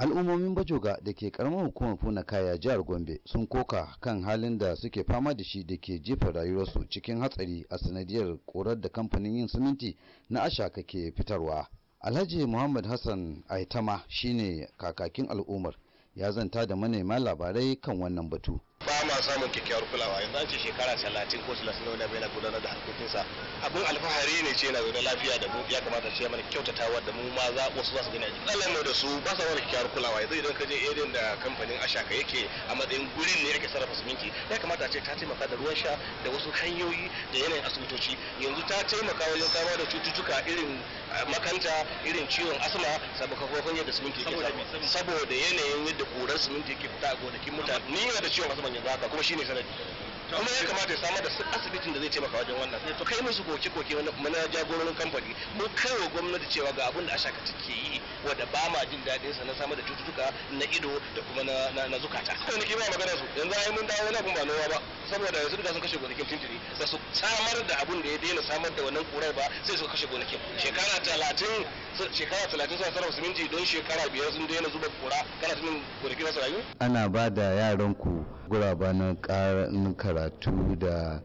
al'ummomin bajoga da ke karamar hukumar funa kaya jihar gombe sun koka kan halin da suke fama da shi da ke jefa rayuwarsu cikin hatsari a sanadiyar korar da kamfanin yin siminti na ashaka ke fitarwa alhaji muhammad hassan aitama shine kakakin al'ummar ya zanta da manema labarai kan wannan batu ba samun kyakkyawar kulawa yanzu an ce shekara talatin ko talatin na wani abu yana gudanar da harkokinsa abin alfahari ne ce na zaune lafiya da mu ya kamata ce mana kyautatawa da mu ma za wasu za su gani a da su ba sa wani kyakkyawar kulawa yanzu idan ka je irin da kamfanin ashaka yake a matsayin gurin ne yake sarrafa siminti ya kamata a ce ta taimaka da ruwan sha da wasu hanyoyi da yanayin asibitoci yanzu ta taimaka wajen kama da cututtuka irin eh, makanta irin ciwon asma sabakakon yadda siminti yake saboda yanayin yadda korar siminti ke fita a gonakin mutane ni yana da ciwon asma yanzu haka kuma shine sanadi kuma ya kamata ya samar da asibitin da zai taimaka wajen wannan to kai musu koke koke na jagororin kamfani mu kai wa gwamnati cewa ga abin da ashaka take yi wanda ba ma jin daɗin sa na samar da cututtuka na ido da kuma na na zukata to ne kima magana su yanzu ai mun dawo na kun ba nowa ba saboda yanzu da sun kashe gonakin tintiri da su samar da abin da ya daina samar da wannan kurar ba sai su kashe gonakin shekara talatin shekara talatin suna sarrafa siminti don shekara biyar sun daina zuba kura kana tunin gonakin su rayu ana ba da yaran ku guraba na karatu da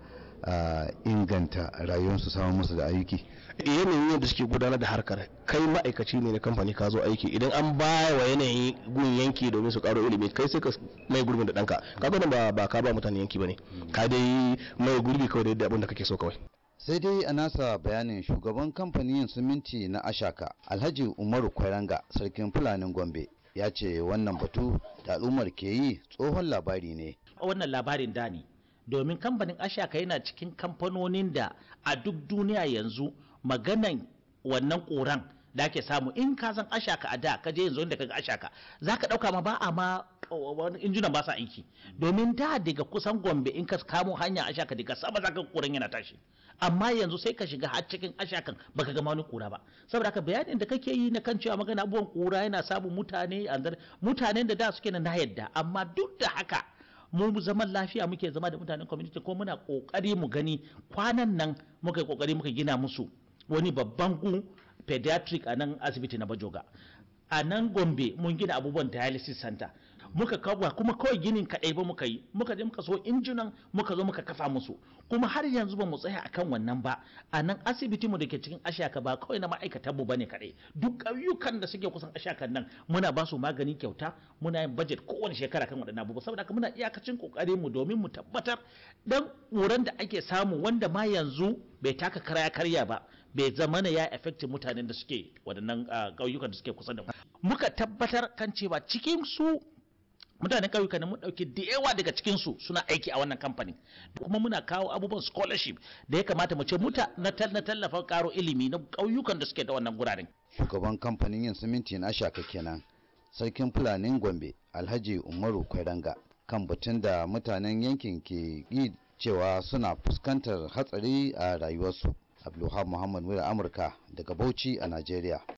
inganta rayuwarsu samun musu da aiki yanayin yadda suke gudanar da harkar kai ma'aikaci ne na kamfani ka zo aiki idan an ba wa yanayin gun yanki domin su karo ilimi kai sai ka mai gurbin da danka ka ba ba ka ba mutane yanki ba ne ka dai mai gurbi kawai da abin da kake so kawai sai dai a nasa bayanin shugaban kamfanin siminti na ashaka alhaji umaru kwaranga sarkin fulanin gombe ya ce wannan batu da al'ummar ke yi tsohon labari ne wannan labarin da ne domin kamfanin ashaka yana cikin kamfanonin da a duk duniya yanzu maganan wannan koran da ake samu in ka san ashaka a da ka je yanzu inda ga ashaka za ka ɗauka ma ba a ma wani injina ba sa aiki domin da daga kusan gombe in ka kamo hanya ashaka daga sama za ka kuran yana tashi amma yanzu sai ka shiga har cikin ashakan baka gama wani kura ba saboda haka bayanin da kake yi na kan cewa magana abubuwan kura yana samun mutane mutanen da da suke na yadda amma duk da haka mu zaman lafiya muke zama da mutanen community ko muna kokari mu gani kwanan nan muka yi kokari muka gina musu wani babban gu pediatric a nan asibiti na bajoga a nan gombe mun gina abubuwan dialysis center muka kawo kuma kawai ginin kaɗai ba muka yi muka je muka so injunan muka zo muka kafa musu kuma har yanzu ba mu tsaya akan wannan ba a nan asibiti mu da ke cikin ashaka ba kawai na ma'aikatan mu bane kaɗai duk ƙauyukan da suke kusan ashakan nan muna ba su magani kyauta muna yin budget kowane shekara kan waɗannan abubuwa saboda muna iyakacin ƙoƙarin mu domin mu tabbatar dan wurin da ake samu wanda ma yanzu bai taka karya karya ba bai zama na ya affecting mutanen da suke waɗannan ah, ƙauyukan da suke kusa da mu muka tabbatar kan cewa cikin su mutanen ƙauyuka ne mun ɗauki da yawa daga cikin su suna aiki a wannan kamfanin kuma muna kawo abubuwan scholarship da ya kamata mu ce muta na tallafa karo ilimi na ƙauyukan da suke da wannan guraren shugaban kamfanin yin siminti na shaka kenan sarkin fulanin gombe alhaji umaru kwaranga kan batun da mutanen yankin ke yi cewa suna fuskantar hatsari a rayuwarsu Abdullahi muhammad wira amurka daga bauchi a najeriya